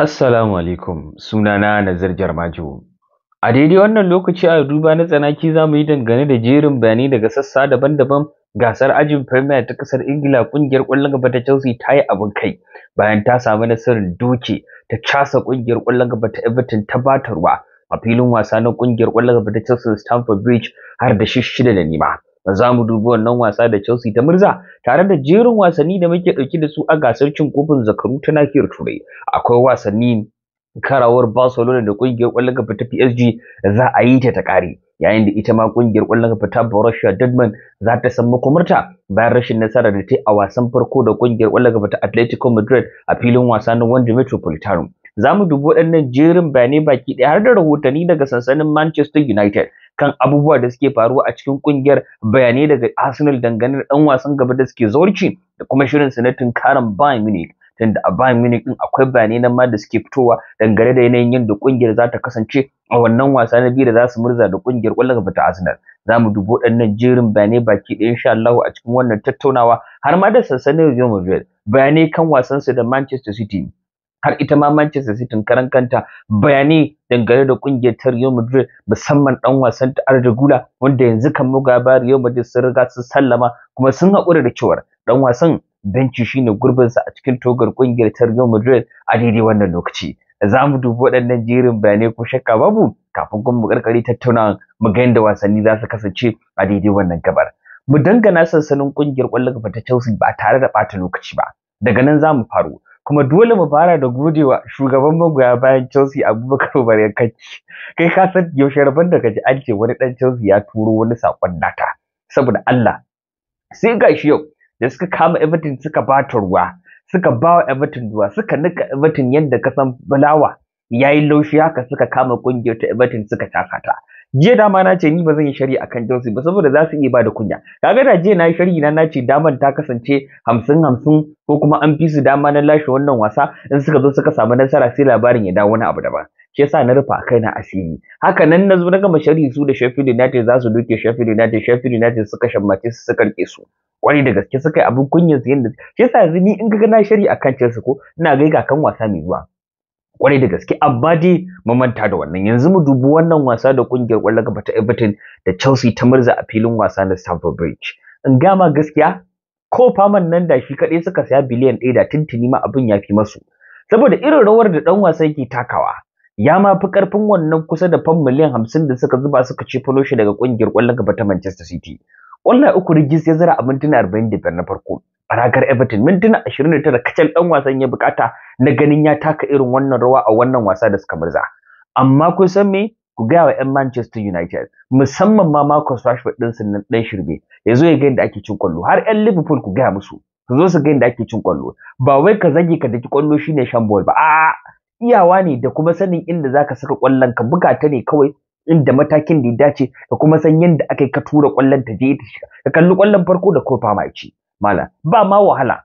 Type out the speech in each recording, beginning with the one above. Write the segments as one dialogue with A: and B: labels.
A: Assalamu alaikum sunana Nazir Jarmajo a daidai wannan lokaci a duba na tsanaki za mu yi dangane da jerin bayanai daga sassa daban-daban gasar ajin Premier ta ƙasar Ingila kungiyar ƙwallon gaba ta Chelsea ta yi abin kai bayan ta samu nasarar doke ta casa kungiyar ƙwallon gaba ta Everton ta batarwa a filin wasa na ƙungiyar ƙwallon gaba ta Chelsea Stamford Bridge har da shishida da nima. za mu dubi wannan wasa da Chelsea ta Mirza? tare da jerin wasanni da muke ɗauke da su a gasar cin kofin zakaru ta nahiyar turai akwai wasanni karawar Barcelona da kungiyar ƙwallon kafa ta PSG za a yi ta ta ƙare yayin da ita ma kungiyar ƙwallon kafa ta Borussia Dortmund za ta san makomarta bayan rashin nasara da ta yi a wasan farko da kungiyar ƙwallon kafa ta Atletico Madrid a filin wasa na Wanda Metropolitano za mu dubi waɗannan jerin bayanai baki ɗaya har da rahotanni daga sansanin Manchester United kan abubuwa da suke faruwa a cikin ƙungiyar bayanai daga Arsenal dangane da ɗan wasan gaba da suke zorci da kuma shirin su na tunkaran Bayern Munich tunda a Bayern Munich din akwai bayanai nan ma da suke fitowa dangane da yanayin yadda kungiyar za ta kasance a wannan wasa na biyu da za su murza da kungiyar ƙwallon gaba ta Arsenal za mu dubi waɗannan jerin bayanai baki ɗaya insha Allah a cikin wannan tattaunawa har ma da sansanin Real Madrid bayanai kan wasansu da Manchester City har ita ma Manchester City karan kanta bayanai dangane da kungiyar ta Real Madrid musamman dan wasan ta Arda Gula wanda yanzu kan mugaba Real Madrid sun riga sun sallama kuma sun haƙura da cewar dan wasan benci shine sa a cikin togar kungiyar ta Real Madrid a daidai wannan lokaci za mu dubi waɗannan jerin bayanai ko shakka babu kafin kuma mu karkare tattauna mu ga yadda wasanni za su kasance a daidai wannan gabar mu dangana sansanin kungiyar ƙwallon kafa ta Chelsea ba tare da ɓata lokaci ba daga nan za mu faro kuma dole mu fara da godewa shugaban magoya bayan Chelsea Abubakar kaci, kai ka san yaushe rabon da kaji an wani dan Chelsea ya turo wani sakon nata saboda Allah sai gashi yau da suka kama Everton suka bata ruwa suka bawa Everton ruwa suka nika Everton yadda ka san bulawa ya laushi haka suka kama kungiyar ta Everton suka taka ta jiya dama na ce ni ba zan yi shari akan Jose ba saboda za su iya ba da kunya kaga da jiya na yi shari na ce daman ta kasance hamsin hamsin ko kuma an fi su dama na lashe wannan wasa in suka zo suka samu nasara sai labarin ya dawo wani abu daban ke sa na rufa kai na asiri haka nan na zo na gama shari su da Sheffield United za su doke Sheffield United Sheffield United suka shammace su suka rike su kwari da gaske suka yi abin kunyar su yanda ke sa yanzu ni in ka ga na shari akan Chelsea ko ina ga kan wasa mai zuwa kwarai da gaske amma dai manta da wannan yanzu mu dubi wannan wasa da kungiyar kwallo gaba ta Everton da Chelsea ta murza a filin wasa na Stamford Bridge in ma gaskiya ko faman nan da shi kaɗai suka saya biliyan ɗaya da tintini ma abin ya fi masu saboda irin rawar da ɗan wasa yake takawa ya ma fi karfin wannan kusa da fam miliyan hamsin da suka zuba suka ce shi daga ƙungiyar ƙwallon gaba ta Manchester City Wannan uku rigis ya zira a mintuna 45 na farko. A ragar Everton mintuna 29 kacal ɗan wasan ya bukata na ganin ya taka irin wannan rawa a wannan wasa da suka murza. Amma kun san me? Ku gaya wa 'yan Manchester United musamman ma Marcus Rashford ɗinsu na ɗan shirme ya zo ya ga yadda ake cin kwallo har 'yan Liverpool ku gaya musu su zo su ga yadda ake cin kwallo ba wai ka zage ka daki kwallo shine shan ball ba a'a iyawa ne da kuma sanin inda zaka saka kwallon ka buga ta ne kawai inda matakin da ya dace da kuma san yadda aka yi ka tura kwallon ta je ta shiga ka kalli kwallon farko da kofa ma ci mala ba ma wahala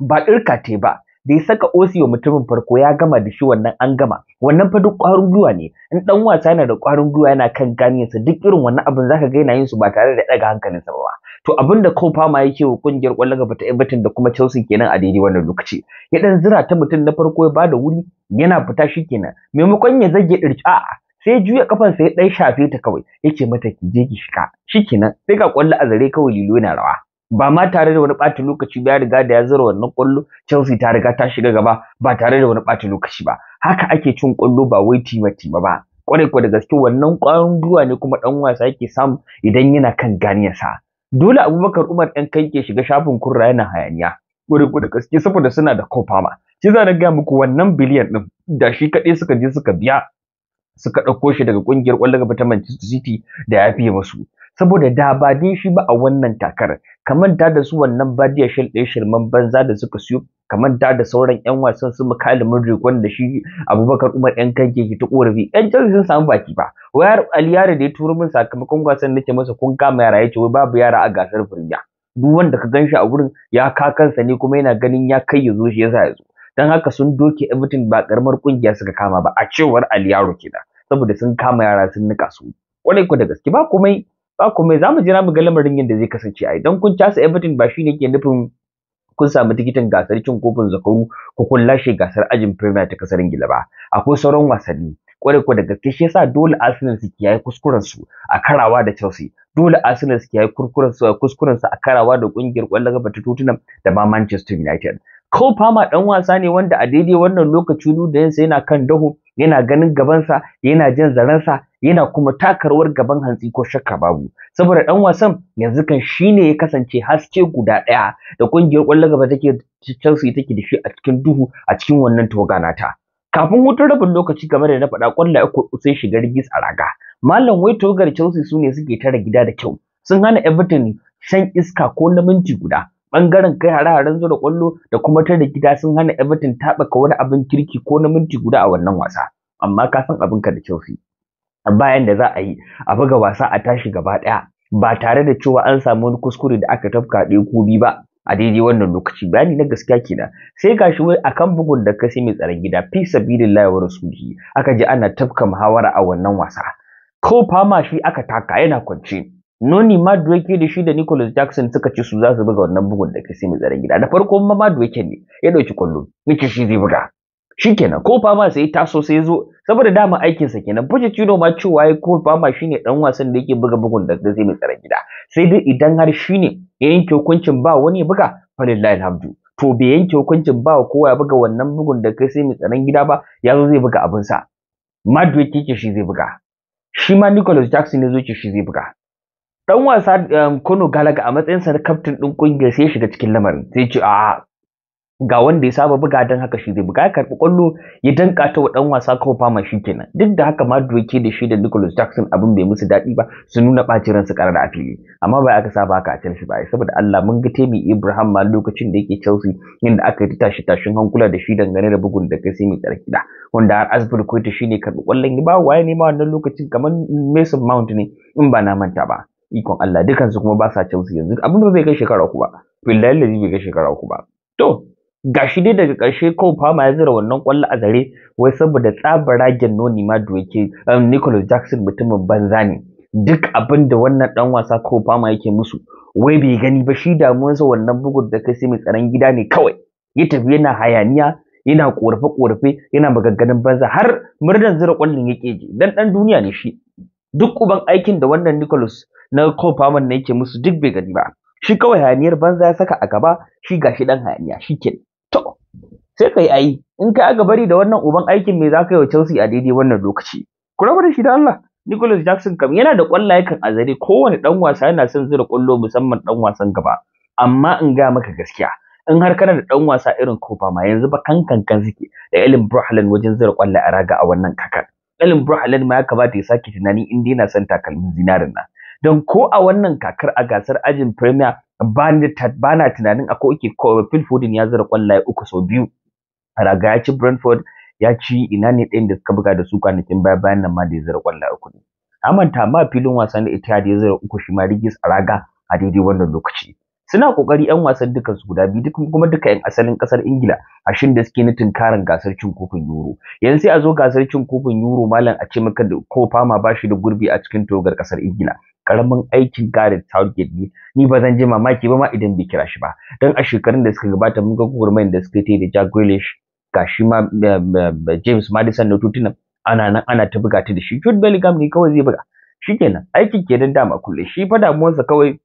A: ba ɗirka te ba da ya saka osiyo mutumin farko ya gama da shi wannan an gama wannan fa duk ƙwarin gwiwa ne in dan wasa yana da ƙwarin gwiwa yana kan ganiyarsa duk irin wannan abin zaka ga yana yin su ba tare da ɗaga hankalinsa ba to abin da Cole Palmer yake wa ƙungiyar ƙwallon gaba ta Everton da kuma Chelsea kenan a daidai wannan lokaci ya dan zira ta mutum na farko ya bada wuri yana fita shi kenan maimakon ya zage dirci a'a sai juya kafansa ya dan shafe ta kawai yace mata ki je ki shiga shikenan sai ga kwallo a zare kawai lilo na rawa ba ma tare da wani ɓata lokaci ba ya riga da ya zura wannan kwallo Chelsea ta riga ta shiga gaba ba tare da wani ɓata lokaci ba haka ake cin kwallo ba wai tima tima ba kwarai da gaske wannan kwarin gwiwa ne kuma ɗan wasa yake samu idan yana kan ganiyarsa dole Abubakar Umar ɗan kai ke shiga shafin kurra yana hayaniya kwarai kwa da gaske saboda suna da kofa ma shi za na gaya muku wannan biliyan din da shi kaɗai suka je suka biya suka ɗauko shi daga ƙungiyar ƙwallon gaba ta Manchester City da ya fiye musu. Saboda da ba dai shi ba a wannan takarar, kamar da da su wannan Badia Shell ɗaya shirman banza da suka siyo, kamar da da sauran 'yan wasan su Mikhail Mudrik wanda shi Abubakar Umar 'yan kan ke ta ƙorafi, 'yan Chelsea sun samu baki ba. Wayar Aliyare da ya turo min sakamakon wasan na ke masa kun kama yara ya ce wai babu yara a gasar Premier. Duk wanda ka gan shi a wurin ya kakansa ne kuma yana ganin ya kai ya zo shi yasa ya zo. dan haka sun doke Everton ba karamar kungiya suka kama ba a cewar ali yaro kenan saboda sun kama yara sun nika su kwarai ku da gaske ba komai ba komai zamu jira mu ga lamarin yadda zai kasance ai Idan kun casa Everton ba shine ke nufin kun samu tikitin gasar cin kofin zakaru ko kun lashe gasar ajin Premier ta kasar Ingila ba akwai sauran wasanni kwarai ku da gaske shi yasa dole Arsenal su kiyaye kuskuren su a karawa da Chelsea dole Arsenal su kiyaye kuskuren su a karawa da kungiyar kwallon kafa ta Tottenham da ma Manchester United Cole Palmer ɗan wasa ne wanda a daidai wannan lokaci yansa yana kan daho yana ganin gabansa yana jin zaransa yana kuma takarwar gaban hantsi ko shakka babu saboda ɗan wasan yanzu kan shine ya kasance haske guda ɗaya. da ƙungiyar kwallon gaba take Chelsea take da shi a cikin duhu a cikin wannan toga nata kafin wutar rabin lokaci game da na faɗa kwallaye uku sai shiga rigis a raga malam wai togar Chelsea su ne suke tara gida da kyau sun hana Everton shan iska ko na minti guda bangaren kai hare-haren zura kwallo da kuma ta da gida sun hana Everton taɓaka wani abin kirki ko na minti guda a wannan wasa amma ka san abinka da Chelsea bayan da za a yi a buga wasa a tashi gaba ɗaya ba tare da cewa an samu wani kuskure da aka tafka ɗaya ko biyu ba a daidai wannan lokaci bayani na gaskiya kenan sai gashi wai akan bugun da kasi mai tsaron gida fi sabilillahi wa rasulihi aka je ana tafka muhawara a wannan wasa ko fama shi aka taka yana kwance Noni Madueke da shi da Nicholas Jackson suka ci su za su buga wannan bugun da kasi mai tsaron gida. Da farko ma Madueke ne ya ɗauki kwallo, yace shi zai buga. Shi kenan, ko fama sai taso sai zo saboda dama aikin sa kenan. Pochettino ma cewa ya ko fama shine dan wasan da yake buga bugun da kasi mai tsaron gida. Sai dai idan har shine ya yanke hukuncin ba wani ya buga falillahi alhamdu. To bai yanke hukuncin ba kowa ya buga wannan bugun da kasi mai tsaron gida ba ya zo zai buga abinsa. Madueke ke shi zai buga. Shi ma Nicholas Jackson ya zo ke shi zai buga. dan wasa Kono um, Galaga a sa na kaftin din kungiyar sai ya shiga cikin lamarin sai ce a ga wanda ya saba buga dan haka shi zai buga ya karɓi ƙwallo ya danka ta wa ɗan wasa kawai fama shi kenan duk da haka Madueke da shi da Nicholas Jackson abin bai musu daɗi ba su nuna ɓacin ransu ƙarar a fili amma ba aka saba haka a Chelsea ba saboda Allah mun ga Temi Ibrahim ma lokacin da yake Chelsea inda aka yi tashi tashin hankula da shi dangane da bugun da kai mai tsarki da wanda har Asbel Koita shi ne karɓi ƙwallon ya ba waye ne ma wannan lokacin kamar Mason Mount ne in ba na manta ba ikon Allah dukansu kuma ba sa su yanzu abin da bai kai shekara uku ba billahi lazi bai kai shekara uku ba to gashi dai daga karshe ko fama ya zira wannan kwallo a zare wai saboda tsabaragen noni ma da yake um, Nicholas Jackson mutumin banza ne duk abin da wannan dan wasa ko fama yake musu wai bai gani ba shi damuwarsa wannan bugun da kai sai mai tsaron gida ne kawai ya tafi yana hayaniya yana korafe korafe yana magagganin banza har murdan zira kwallon yake keje dan dan duniya ne shi duk uban aikin da wannan Nicholas na Kofaman ne yake musu duk bai gani ba shi kawai hayaniyar banza ya saka a gaba shi gashi dan hayaniya shi ke. to sai kai ayi in ka aka bari da wannan uban aikin me zaka yi wa Chelsea a daidai wannan lokaci ku rabu da shi da Allah Nicholas Jackson kam yana da kwallaye kan azare kowane ɗan wasa yana son zira kwallo musamman ɗan wasan gaba amma in ga maka gaskiya in har kana da ɗan wasa irin Kofa ma yanzu ba kankan kan suke da Ellen Brohlan wajen zira kwallo a raga a wannan kakar Ellenborough Haaland ma ya kamata ya sake tunani in inda yana son takalmin zinarin nan don ko a wannan kakar a gasar ajin Premier ba bana tunanin akwai oke Phil Foden ya zura kwallaye uku sau biyu raga ya ci Brentford ya ci ina ne ɗayan da suka buga da su kwanakin baya bayan nan ma da ya zura kwallaye uku ne. Amanta ma filin wasan da ita ya zura uku shi ma Rigis a raga a daidai wannan lokaci. suna kokari yan wasan dukan su guda biyu kuma duka yan asalin kasar ingila a shin da suke na karin gasar cin kofin euro yanzu sai a zo gasar cin kofin euro malam a ce maka da ko fama ba shi da gurbi a cikin togar kasar ingila karamin aikin Gareth Southgate ne ni ba zan je mamaki ba ma idan bai kira shi ba dan a shekarun da suka gabata mun ga gurmain da suka yi da Jack Grealish gashi ma eh, eh, James Madison na tutuna ana nan ana ta buga ta da shi Jude Bellingham ne kawai zai buga shikenan aikin kenan dama kullum shi fa muwansa kawai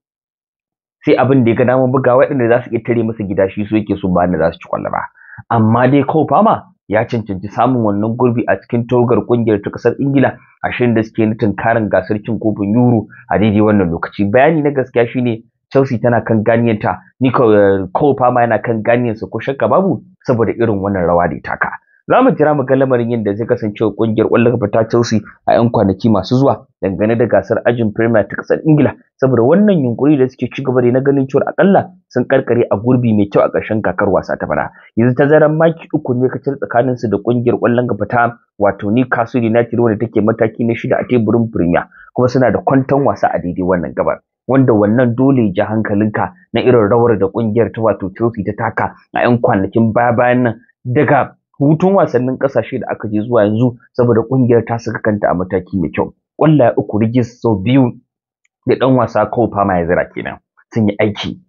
A: sai abin da ya ga dama buga waɗanda za su iya tare masa gida shi su yake su ba da za su ci kwallo ba amma dai kawai fama ya cancanci samun wannan gurbi a cikin togar kungiyar ta kasar ingila a shirin da suke na karin gasar cin kofin yuro a daidai wannan lokaci bayani na gaskiya shine chelsea tana kan ganiyarta ni kawai eh, fama yana kan ganiyarsa ko shakka babu saboda irin wannan rawa da ya taka za mu jira mu ga lamarin yadda zai kasance wa kungiyar kwallon kafa ta Chelsea a 'yan kwanaki masu zuwa dangane da gasar ajin Premier ta kasar Ingila saboda wannan yunkuri da suke ci gaba da na ganin cewa akalla sun karkare a gurbi mai kyau a ƙarshen kakar wasa ta bana yanzu tazaran maki uku ne kacal tsakanin su da kungiyar kwallon kafa ta wato Newcastle United wanda take mataki na shida a teburin Premier kuma suna da kwanton wasa a daidai wannan gabar wanda wannan dole ya ja hankalinka na irin rawar da kungiyar ta wato Chelsea ta taka a 'yan kwanakin baya bayan nan daga hutun wasannin kasashe da aka je zuwa yanzu saboda kungiyar ta saka kanta a mataki mai kyau kwallaye uku rigis sau biyu da dan wasa Cole fama ya zira kenan sun yi aiki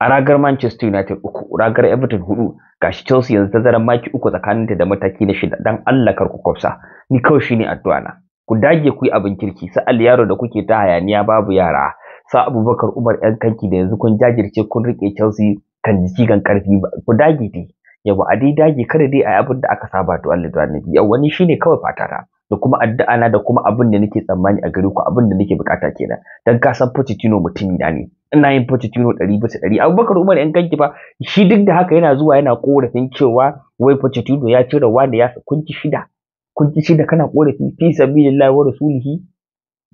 A: a ragar Manchester United uku ragar Everton hudu gashi Chelsea yanzu ta tazaran maki uku tsakaninta da mataki na shida dan Allah kar ku kwafsa ni kawai shine addu'a na ku dage ku yi abin kirki sa aliyaro da kuke ta hayaniya babu yara sa Abubakar Umar yan kanki da yanzu kun jajirce kun rike Chelsea kan jiki kan karfi ku dage dai yawa a dai dage kada dai a abin da aka saba to Allah da annabi yawa ni shine kawai fatata da kuma addu'a na da kuma abin da nake tsammani a gare ku abin da nake bukata kenan dan ka san Pochettino mutum na ne ina yin Pochettino 100 bisa 100 Abubakar Umar yan kanki fa shi duk da haka yana zuwa yana korafin cewa wai Pochettino ya cire wanda ya kunci shida kunci shida kana korafi fi sabilillahi wa rasulihi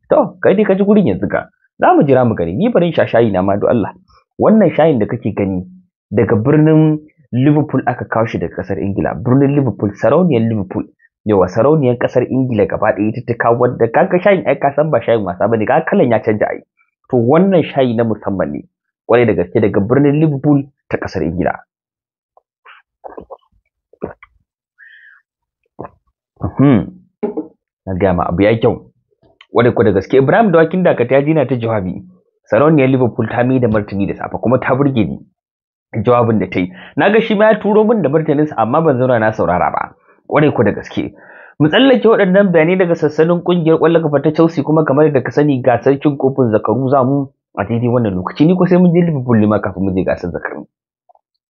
A: to kai dai ka ji gurin yanzu ka za mu jira mu gani ni barin sha na ma do Allah wannan shayin da kake gani daga birnin liverpool aka kawo shi daga kasar ingila birnin liverpool sarauniyar liverpool yawa sarauniyar kasar ingila gaba ɗaya ita ta kawo wanda kaga shayin ai ka san ba shayin wasa bane ka kalan ya canja ai to wannan shayi na musamman ne kwarai da gaske daga birnin liverpool ta kasar ingila uhm. na gaya ma abu ya kyau wadda kwa da gaske ibrahim dawakin dakata ya jina ta jawabi sarauniyar liverpool ta mai da martini da safe kuma ta burge ni jawabin da ta yi na ga shi ma ya turo min da martanis amma ban zauna na saurara ba ƙwarai ku da gaske mu tsallake waɗannan bayanai daga sassanin ƙungiyar ƙwallon kafa ta Chelsea kuma kamar da ka sani gasar cin kofin zakaru za mu a daidai wannan lokaci ni ko sai mun je Liverpool ma kafin mu je gasar zakaru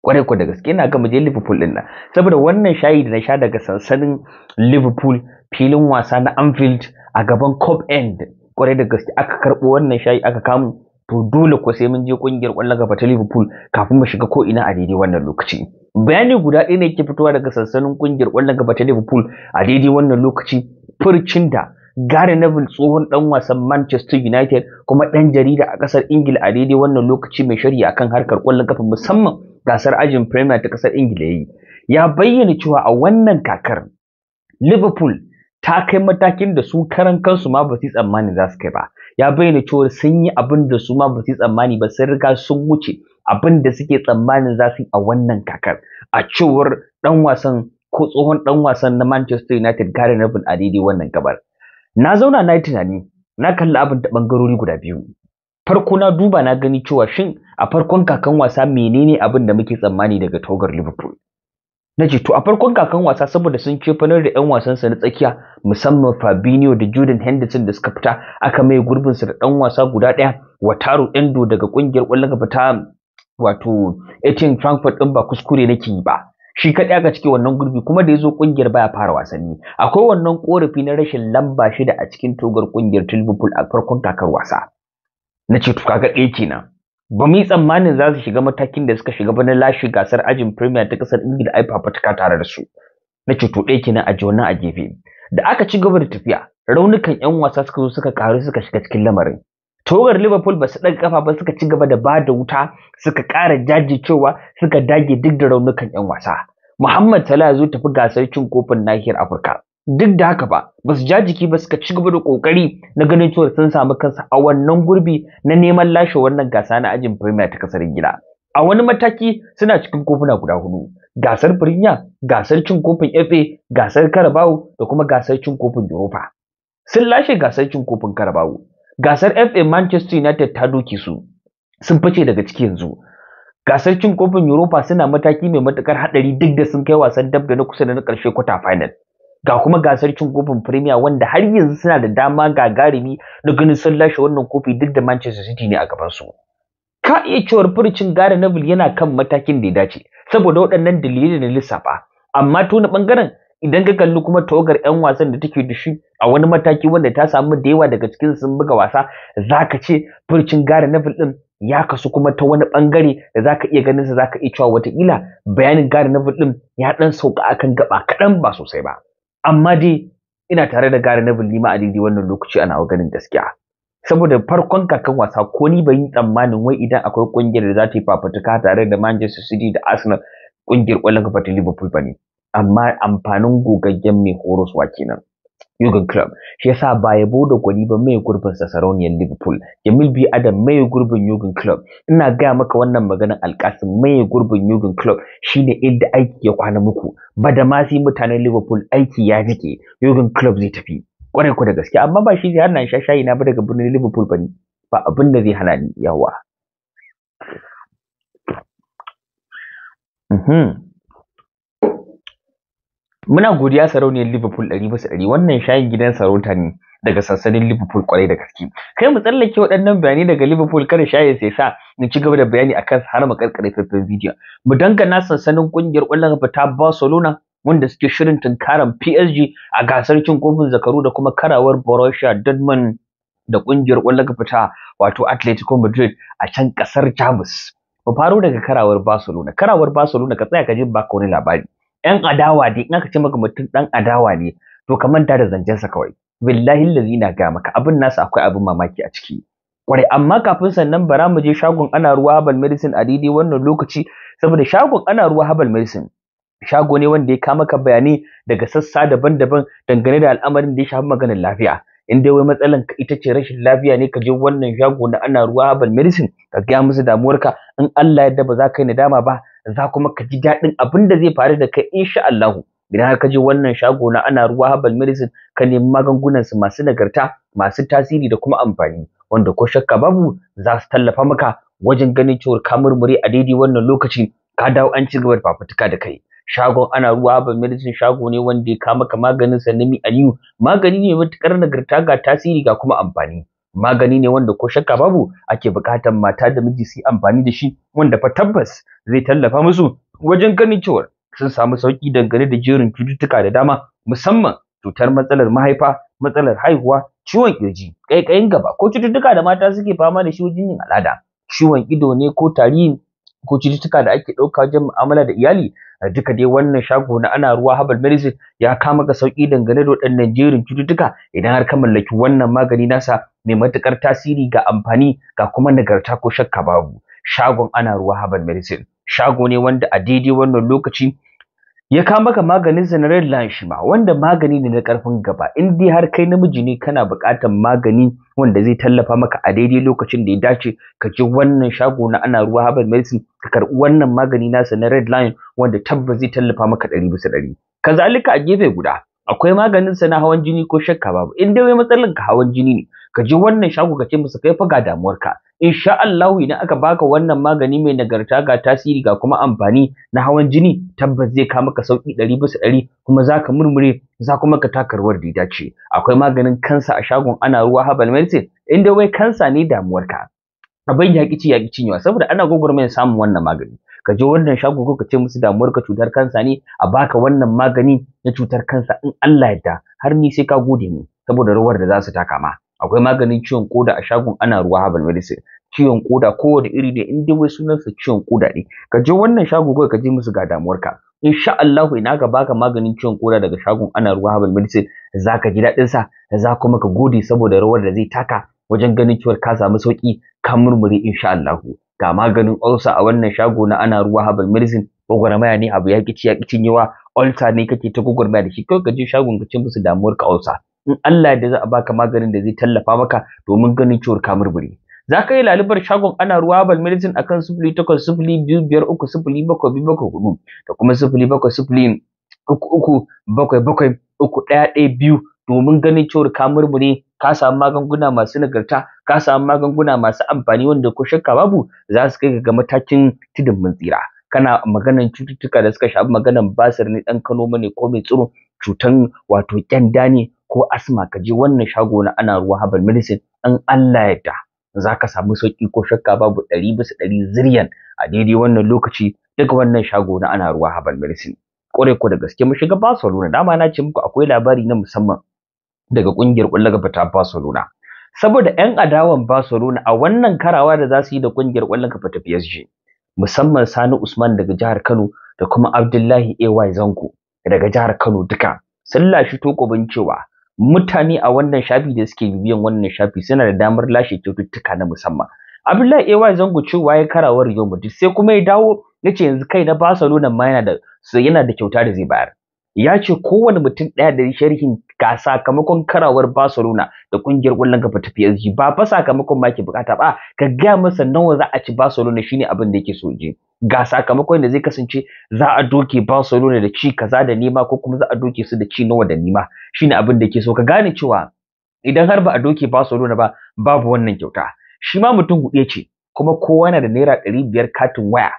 A: ƙwarai ku da gaske ina ga mu je Liverpool din nan saboda wannan shayi da na sha daga sansanin Liverpool filin wasa na Anfield a gaban Cop End ƙwarai da gaske aka karɓo wannan shayi aka kamu to dole ko sai mun je kungiyar kwallon gaba ta Liverpool kafin mu shiga ko ina a daidai wannan lokaci bayani guda ɗaya ne ke fitowa daga sansanin kungiyar kwallon gaba ta Liverpool a daidai wannan lokaci furcin da Gary Neville tsohon dan wasan Manchester United kuma ɗan jarida a ƙasar Ingila a daidai wannan lokaci mai shari'a akan harkar kwallon kafa musamman gasar ajin Premier ta kasar Ingila ya yi. ya bayyana cewa a wannan kakar Liverpool ta kai matakin da su karan kansu ma ba su tsammani za su kai ba ya bayyana cewa sun yi abin da su ma ba su yi tsammani ba sun riga sun wuce abin da suke tsammanin za su yi a wannan kakar a cewar dan wasan ko tsohon dan wasan na Manchester United Gary Neville a daidai wannan gabar na zauna na yi tunani na kalli abin da bangarori guda biyu farko na duba na gani cewa shin a farkon kakan wasa menene abin da muke tsammani daga togar Liverpool na ce to a farkon kakan wasa saboda sun fanar da 'yan wasansa na tsakiya musamman Fabinho da Jordan Henderson da suka fita aka mai gurbinsa da ɗan wasa guda ɗaya Wataru Endo daga kungiyar kwallon kafa ta wato Etienne Frankfurt ɗin ba kuskure nake yi ba shi kaɗai aka cike wannan gurbi kuma da ya zo ƙungiyar baya fara wasanni akwai wannan korafi na rashin lamba shida a cikin togar kungiyar Liverpool a farkon kakar wasa na ce to kaga ɗaya kenan ba mu yi tsammanin za su shiga matakin da suka shiga ba na lashe gasar ajin premier ta kasar ingila ai fafatuka tare da su na ceto ɗaya kenan a jona a gefe da aka ci gaba da tafiya raunukan yan wasa suka zo suka karu suka shiga cikin lamarin togar liverpool ba su ɗaga kafa ba suka ci gaba da ba da wuta suka ƙara jajircewa suka dage duk da raunukan yan wasa muhammad salah ya zo tafi gasar cin kofin nahiyar afirka duk da haka ba ba su ja jiki ba suka ci gaba da kokari na ganin cewa sun samu kansu a wannan gurbi na neman lashe wannan gasa na ajin premier ta kasar gida a wani mataki suna cikin kofuna guda hudu gasar premier gasar cin kofin FA gasar Carabao da kuma gasar cin kofin Europa sun lashe gasar cin kofin Carabao gasar FA Manchester United ta doke su sun fice daga ciki yanzu gasar cin kofin Europa suna mataki mai matukar hadari duk da sun kai wasan dab da na kusa da na karshe kwata final ga kuma gasar cin kofin premier wanda har yanzu suna da dama ga gagarumi na ganin sun lashe wannan kofi duk da Manchester City ne a gaban su ka iya cewar furucin Gary Neville yana kan matakin da ya dace saboda waɗannan dalilai da lissafa amma to na bangaren idan ka kalli kuma tawagar 'yan wasan da take da shi a wani mataki wanda ta samu da yawa daga cikin sun buga wasa zaka ce furcin gara Neville din ya kasu kuma ta wani bangare da zaka iya ganin sa zaka iya cewa watakila bayanin gara Neville din ya dan sauka akan gaba kaɗan ba sosai ba amma dai ina tare da gare na nima a daidai wannan lokaci ana ganin gaskiya saboda farkon kakan wasa ko ni ban yi tsammanin wai idan akwai kungiyar da za ta yi fafutuka tare da Manchester City da Arsenal kungiyar kwallon kafa ta Liverpool ba ne amma amfanin gogaggen mai horoswa kenan Jurgen Klopp shi yasa ba ya da gwani ba mai gurbin sa sarauniyar Liverpool Jamil B Adam mai gurbin Jurgen Klopp ina gaya maka wannan magana Alkasim mai gurbin Jurgen Klopp shine inda aiki ya kwana muku ba da ma sai mutanen Liverpool aiki ya jike Jurgen Klopp zai tafi kwarai ku da gaske amma ba shi zai hana sha shayi na ba daga birnin Liverpool ba ni ba abin da zai hana ni yawa mhm muna godiya sarauniyar liverpool ɗari bisa ɗari wannan shayin gidan sarauta ne daga sansanin liverpool kwarai da gaske kai mu tsallake waɗannan bayanai daga liverpool kada shayin sai sa mu ci gaba da bayani akan har mu karkare faifan bidiyon mu dangana sansanin ƙungiyar ƙwallon kafa ta barcelona wanda suke shirin tunkaran psg a gasar cin kofin zakaru da kuma karawar borussia dortmund da ƙungiyar ƙwallon kafa ta wato atletico madrid a can ƙasar jamus mu faro daga karawar barcelona karawar barcelona ka tsaya ka ji ba wani labari 'yan adawa dai in aka ce maka mutum ɗan adawa ne to ka manta da zancensa kawai billahi lazi na ga maka abin nasa akwai abin mamaki a ciki kwarai amma kafin sannan bara mu je shagon ana ruwa herbal medicine a daidai wannan lokaci saboda shagon ana ruwa herbal medicine shago ne wanda ya kama ka bayanai daga sassa daban-daban dangane da al'amarin da ya shafi maganar lafiya in dai wai matsalan ka ita ce rashin lafiya ne ka je wannan shago na ana ruwa herbal medicine ka gaya musu damuwarka in Allah ya yarda ba za ka yi nadama ba za kuma ka ji daɗin abin da zai faru da kai insha Allah idan ka je wannan shago na ana ruwa herbal medicine ka nemi magungunan su masu nagarta masu tasiri da kuma amfani wanda ko shakka babu za su tallafa maka wajen ganin cewa ka murmure a daidai wannan lokacin ka dawo an ci gaba da fafutuka da kai shagon ana ruwa ba medicine shago ne wanda ya kama ka maganin sa sanami aliyu magani ne matukar nagarta ga tasiri ga kuma amfani magani ne wanda ko shakka babu ake buƙatar mata da miji su amfani da shi wanda fa tabbas zai tallafa musu wajen ganin cewa sun samu sauƙi dangane da jerin cututtuka da dama musamman cutar matsalar mahaifa matsalar haihuwa ciwon kirji ƙaiƙayin gaba ko cututtuka da mata suke fama da shi wajen yin al'ada ciwon ido ne ko tari ko cututtuka da ake ɗauka wajen mu'amala da iyali duka dai wannan shago na ana ruwa habal medicine ya kama ka sauki dangane da waɗannan jerin cututtuka idan har ka mallaki wannan magani nasa mai matukar tasiri ga amfani ga kuma nagarta ko shakka babu shagon ana ruwa herbal medicine shago ne wanda a daidai wannan lokaci ya kawo maka maganin zanarar lanshima wanda magani ne na karfin gaba in dai har kai namiji ne kana buƙatar magani wanda zai tallafa maka a daidai lokacin da ya dace ka je wannan shago na ana ruwa herbal medicine ka karɓi wannan magani sa na red line wanda tabbas zai tallafa maka ɗari bisa ɗari kazalika a gefe guda akwai maganin sa na hawan jini ko shakka babu in dai matsalar ka hawan jini ne ka je wannan shago ka ce musu kai fa ga damuwarka insha Allah idan aka baka wannan magani mai nagarta ga tasiri ga kuma amfani na hawan jini tabbas zai ka maka sauki 100 bisa 100 kuma zaka murmure za kuma ka takarwar da dace akwai maganin kansa a shagon ana ruwa herbal medicine inda wai kansa ne damuwarka abin ya kici ya kici ne saboda ana gwagwarmayar samun wannan magani ka je wannan shago ko ka ce musu damuwar ka cutar kansa ne a baka wannan magani na cutar kansa in Allah ya yarda har ni sai ka gode ni saboda rawar da za su taka ma akwai maganin ciwon koda a shagon ana ruwa herbal medicine ciwon koda kowane iri ne in dai sunansa ciwon koda ne ka je wannan shago kawai ka je musu ga damuwarka insha Allah ina ka baka maganin ciwon koda daga shagon ana ruwa herbal medicine zaka ji daɗin sa za kuma ka gode saboda rawar da zai taka wajen ganin ciwon ka samu sauki ka murmure insha Allah ga maganin ulcer a wannan shago na ana ruwa herbal medicine maya ne abu ya kici ci ya ki yawa ulcer ne kake ta gwagwarmaya da shi kai ka je shagon ka ce musu damuwarka ulcer in Allah da za a baka maganin da zai tallafa maka domin ganin ciwon ka murmure za ka yi lalubar shagon ana ruwa bal medicine akan sifili takwas biyu biyar uku bakwai biyu bakwai hudu da kuma sifili bakwai sifili uku uku bakwai bakwai uku ɗaya ɗaya biyu domin ganin cewar ka murmure ka samu magunguna masu nagarta ka samu magunguna masu amfani wanda ko shakka babu za su kai ga matakin tudun mun tsira kana maganan cututtuka da suka shafi maganan basir ne dan kano mane ko mai tsiro cutan wato kyanda ne ko asma ka je wannan shago na ana ruwa herbal medicine in Allah ya yarda za samu sauki ko shakka babu ɗari bisa ɗari ziryan a daidai wannan lokaci daga wannan shago na ana ruwa herbal medicine Ƙwarai ko da gaske mu shiga Barcelona dama na ce muku akwai labari na musamman daga ƙungiyar ƙwallon kafa ta Barcelona saboda 'yan adawan Barcelona a wannan karawa da za su yi da ƙungiyar ƙwallon kafa ta PSG musamman Sani Usman daga jihar Kano da kuma Abdullahi AY Zanko daga jihar Kano duka sun lashi tokobin cewa mutane a wannan shafi da suke bibiyan wannan shafi suna da damar lashe kyaututtuka na musamman Abdullahi AY zango cewa ya karawar yau mutum sai kuma ya dawo ya yanzu kai na Barcelona ma yana da yana da kyauta da zai bayar ya ce kowane mutum ɗaya da sharhin ga sakamakon karawar Barcelona da kungiyar ƙwallon kafa ta PSG ba fa sakamakon ma ke bukata ba ka gaya masa nawa za a ci Barcelona shine abin da yake so je ga sakamakon da zai kasance za a doke Barcelona da ci kaza da nima ko kuma za a doke su da ci nawa da nima shine abin da ke so ka gane cewa idan har ba a doke Barcelona ba babu wannan kyauta shi ma mutum huɗu ce kuma kowa na da naira ɗari biyar katin waya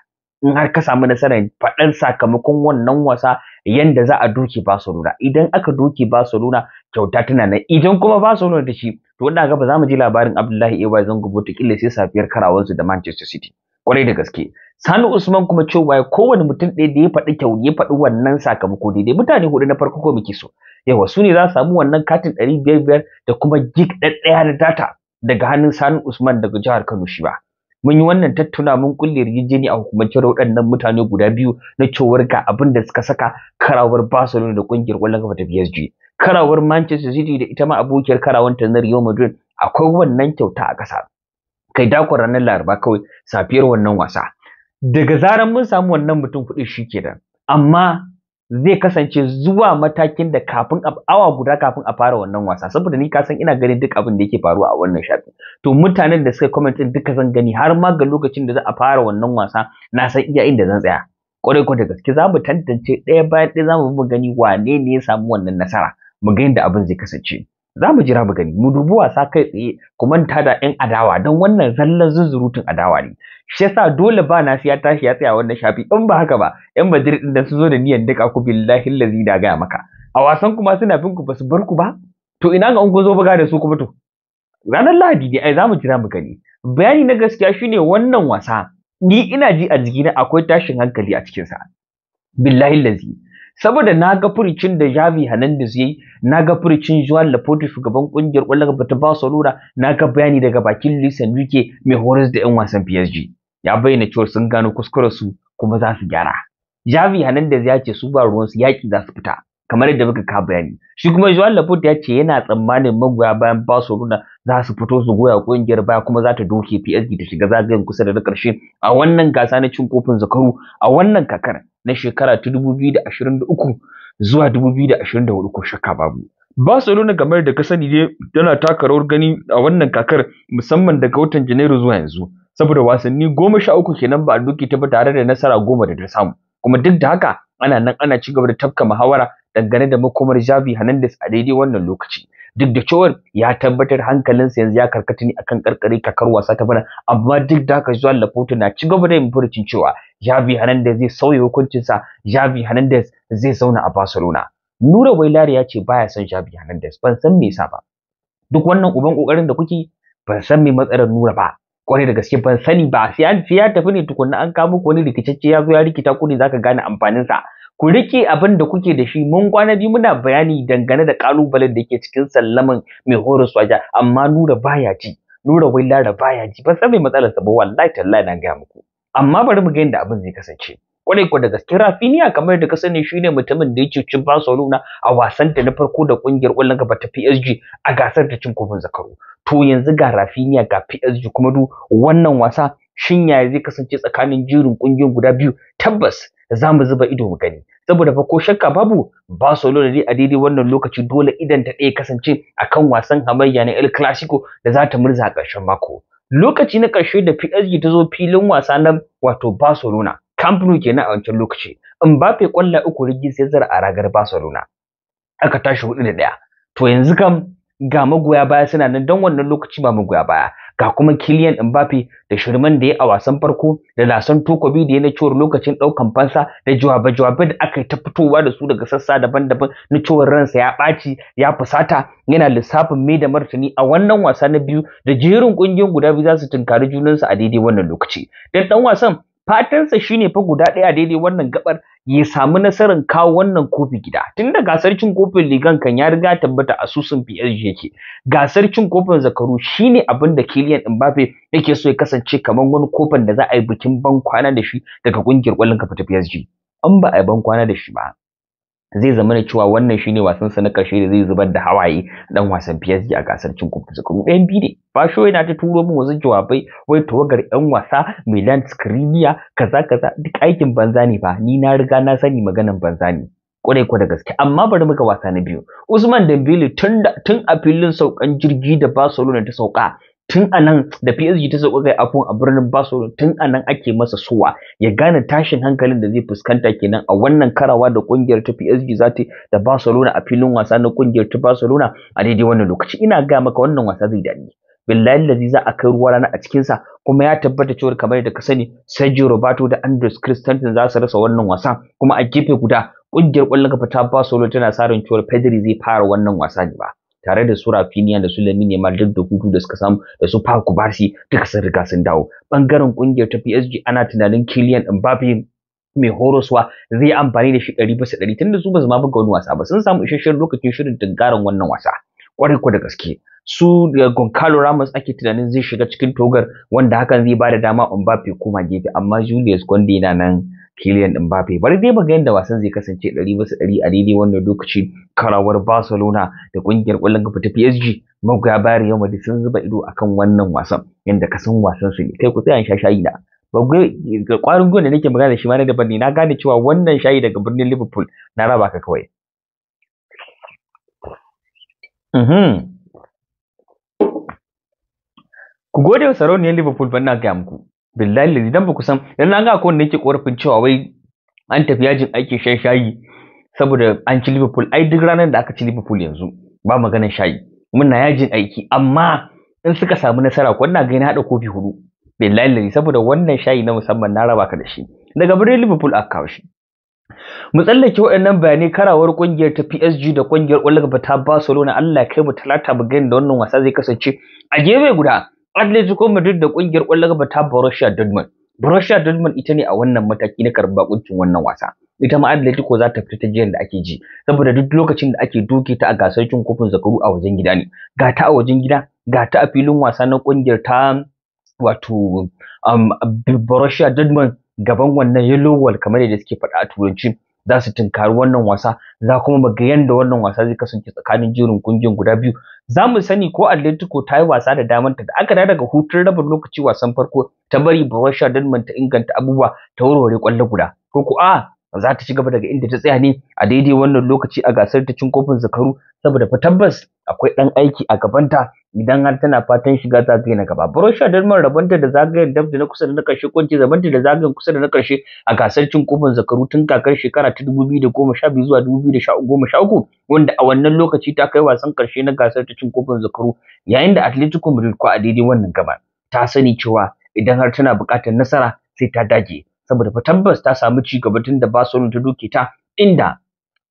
A: in har ka samu nasarar faɗan sakamakon wannan wasa yanda za a doke Barcelona idan aka doke Barcelona kyauta tana nan idan kuma Barcelona da ci to wannan ga ba za mu ji labarin Abdullahi Ewa Zango ba ta kila sai safiyar karawansu da Manchester City kwarai da gaske Sani Usman kuma cewa kowane mutum ɗaya da ya faɗi kyau ya faɗi wannan sakamako daidai mutane hudu na farko ko muke so yawa su ne za su samu wannan katin ɗari biyar biyar da kuma gig ɗaya na data daga hannun Sani Usman daga jihar Kano shi ba. Mun yi wannan tattuna mun kulle rigijini a hukumancin waɗannan mutane guda biyu na cewar ga abin da suka saka karawar Barcelona da ƙungiyar ƙwallon kafa ta PSG. Karawar Manchester City da ita ma abokiyar karawanta na Real Madrid akwai wannan kyauta a ƙasa. Kai dakon ranar Laraba kawai safiyar wannan wasa. daga zarar mun samu wannan mutum kuɗi shi kenan amma zai kasance zuwa matakin da kafin awa guda kafin a fara wannan wasa saboda ni ka san ina ganin duk abin da yake faruwa a wannan shafin to mutanen da suka comment din duka zan gani har ma ga lokacin da za a fara wannan wasa na san iya inda zan tsaya kwarai kwarai gaske za mu tantance ɗaya bayan ɗaya za mu gani wane ne ya samu wannan nasara mu ga yadda abin zai kasance za mu jira mu gani mu dubi wasa kai tsaye ku manta da yan adawa don wannan zallan zuzurutun adawa ne shi yasa dole ba na ya tashi ya tsaya wannan shafi in ba haka ba yan madrid din da su zo da niyan duka ku billahi lazi da gaya maka a wasan kuma suna bin ku basu bar ku ba to ina ga in ku zo buga da su kuma to ranar lahadi ne, ai za mu jira mu gani bayani na gaskiya shine wannan wasa ni ina ji a jikina akwai tashin hankali a cikinsa billahi lazi saboda na ga furicin da Javi Hernandez yayi na ga furicin Joan Laporte shugaban kungiyar kwallon bata ba Salura na ga bayani daga bakin Luis Enrique mai horas da 'yan wasan PSG ya bayyana cewa sun gano kuskuren su kuma za su gyara Javi Hernandez ya ce su ba ruwan su yaki za su fita kamar yadda muka ka bayani shi kuma Joan Laporte ya ce yana tsammanin magoya bayan ba Barcelona za su fito su goya kungiyar baya kuma za ta doke PSG ta shiga zagayen kusa da na ƙarshe a wannan gasa na cin kofin zakaru a wannan kakar na shekara ta 2023 zuwa 2024 ko shakka babu Barcelona kamar da ka sani dai tana taka rawar gani a wannan kakar musamman daga watan Janairu zuwa yanzu saboda wasanni goma sha uku kenan ba a ta ba tare da nasara goma da ta samu kuma duk da haka ana nan ana ci gaba da tafka muhawara dangane da makomar Javi Hernandez a daidai wannan lokaci duk da cewar ya tabbatar hankalinsa yanzu ya karkata ne akan karkare kakar wasa ta bana amma duk da haka Joan Laporte na ci gaba da yin furucin cewa Javi Hernandez zai sauya hukuncinsa Javi Hernandez zai zauna a Barcelona Nura Wailari ya ce baya son Javi Hernandez ban san me yasa ba duk wannan uban kokarin da kuke ban san me matsalar Nura ba kwarai da gaske ban sani ba sai an ya tafi ne tukunna an kamo ko ne rikicacce ya zo ya rikita ku ne zaka gane amfanin sa ku rike abin da kuke da shi mun kwana biyu muna bayani dangane da ƙalubalen da ke cikin sallaman mai su waja amma nura baya ji nura wai lara baya ji ban san mai matsalar sa ba wallahi tallahi na ga muku amma bari mu ga yadda abin zai kasance kwarai ko da gaske rafiniya kamar da ka sani shine mutumin da ya cin Barcelona a wasan da na farko da kungiyar kwallon gaba ta PSG a gasar da cin kofin zakaru to yanzu ga rafiniya ga PSG kuma du wannan wasa shin yaya zai kasance tsakanin jirin kungiyoyin guda biyu tabbas za mu zuba ido mu gani saboda fa ko shakka babu Barcelona ne a daidai wannan lokaci dole idan ta ɗaya kasance akan wasan hamayya na El Clasico da za ta murza a ƙarshen mako lokaci na ƙarshe da PSG ta zo filin wasa na wato Barcelona Camp Nou kenan a wancan lokaci Mbappe kwalla uku rigi sai zara a ragar Barcelona aka tashi hudu da ɗaya to yanzu kam ga magoya baya suna nan don wannan lokaci ba magoya baya ga kuma Kylian Mbappe da shirman da ya a wasan farko da lasan tokobi da ya na cewar lokacin ɗaukan fansa da jawabe-jawabe da aka yi ta fitowa da su daga sassa daban-daban na cewar ransa ya ɓaci ya fusata yana lissafin mai da martani a wannan wasa na biyu da jerin ƙungiyoyin guda biyu za su tunkari junansu a daidai wannan lokaci dan ɗan wasan fatansa shine fa guda ɗaya a daidai wannan gabar ya samu nasarar kawo wannan kofi gida Tunda gasar cin kofin ligan kan ya riga tabbata asusun PSG yake gasar cin kofin zakaru shine abin da Kylian Mbappe yake so ya kasance kamar wani kofin da za a yi bikin ban kwana da shi daga kungiyar kwallon kafa ta PSG an ba a yi ban kwana da shi ba zai zama da cewa wannan shine wasan sa na karshe da zai zubar da hawaye dan wasan PSG a gasar cin kofin zakaru ɗayan biyu ne Basho yana ta turo min wasu jawabai wai tawagar yan wasa Milan skriniya kaza kaza duk aikin banza ne ba ni na riga na sani maganan banza ne kwarai kwa da gaske amma bari muka wasa na biyu Usman Dembele tun tun a filin saukan jirgi da Barcelona ta sauka tun a nan da PSG ta sauka kai afon a birnin Barcelona tun a nan ake masa suwa ya gane tashin hankalin da zai fuskanta kenan a wannan karawa da kungiyar ta PSG za ta da Barcelona a filin wasa na kungiyar ta Barcelona a daidai wannan lokaci ina ga maka wannan wasa zai dani billahi lazi za a kai ruwa rana a cikin sa kuma ya tabbata cewa kamar da ka sani Sergio Roberto da Andres Christensen za su rasa wannan wasa kuma a gefe guda kungiyar kwallon kafa ta Barcelona tana sa ran cewa Pedri zai fara wannan wasa ne ba tare da su Rafinha da su ne Yamal duk da hutu da suka samu da su Paco Barsi duka sun riga sun dawo bangaren kungiyar ta PSG ana tunanin Kylian Mbappe mai horoswa zai amfani da shi ɗari bisa ɗari tunda su ba su ma buga wani wasa ba sun samu isasshen lokacin shirin dangaren wannan wasa kwarai ku da gaske su Goncalo Ramos ake tunanin zai shiga cikin togar wanda hakan zai bada dama Mbappe kuma gefe amma Julius Conde na nan Kylian Mbappe bari dai mu ga yadda wasan zai kasance 100 bisa ɗari a daidai wannan lokaci karawar Barcelona da ƙungiyar ƙwallon kafa ta PSG magoya bayar yau da sun zuba ido akan wannan wasan yadda ka san wasan su ne kai ku tsaya sha shayi na kwarin gwiwa da nake magana da shi ma na daban ne na gane cewa wannan shayi daga birnin Liverpool na raba ka kawai Mhm. Ku gode wa sarauniyar Liverpool ban na gaya muku. Billahi lazi dan ba san dan na ga ko wanda yake korafin cewa wai an tafi yajin aiki shan shayi saboda an ci Liverpool ai duk ranar da aka ci Liverpool yanzu ba maganar shayi. Muna yajin aiki amma in suka samu nasara ko ina ga na hada kofi hudu. Billahi lazi saboda wannan shayi na musamman na raba ka da shi. Daga birnin Liverpool aka kawo shi. mu tsallake waɗannan bayanai karawar kungiyar ta PSG da kungiyar Olga ta Barcelona Allah kai mu talata mu gani da wannan wasa zai kasance a gefe guda Atletico Madrid da kungiyar Olga ta Borussia Dortmund Borussia Dortmund ita ne a wannan mataki na karba bakuncin wannan wasa ita ma Atletico za ta fita ta jiyan da ake ji saboda duk lokacin da ake duke ta a gasar cin kofin zakaru a wajen gida ne ga ta a wajen gida ga ta a filin wasa na kungiyar ta wato um, Borussia Dortmund gaban wannan yellow wall kamar yadda suke faɗa a turanci za su tunkari wannan wasa za kuma mu ga yanda wannan wasa zai kasance tsakanin jerin kungiyar guda biyu za mu sani ko Atletico ta yi wasa da damanta da aka daga hutun rabin lokaci wasan farko ta bari Borussia Dortmund ta inganta abubuwa ta warware kwallo guda ko ku a za ta ci daga inda ta tsaya ne a daidai wannan lokaci a gasar ta cin kofin zakaru saboda fa tabbas akwai ɗan aiki a gabanta idan har tana fatan shiga zagaye na gaba. Borussia Dortmund rabanta da zagayen dab da na kusa da na ƙarshe kwanci zabanta da zagayen kusa da na ƙarshe a gasar cin kofin zakaru tun kakar shekara ta 2012 zuwa 2013 wanda a wannan lokaci ta kai wasan karshe na gasar ta cin kofin zakaru yayin da Atletico Madrid ko a daidai wannan gaba ta sani cewa idan har tana buƙatar nasara sai ta dage saboda fa tabbas ta samu ci gaba tunda Barcelona ta doke ta inda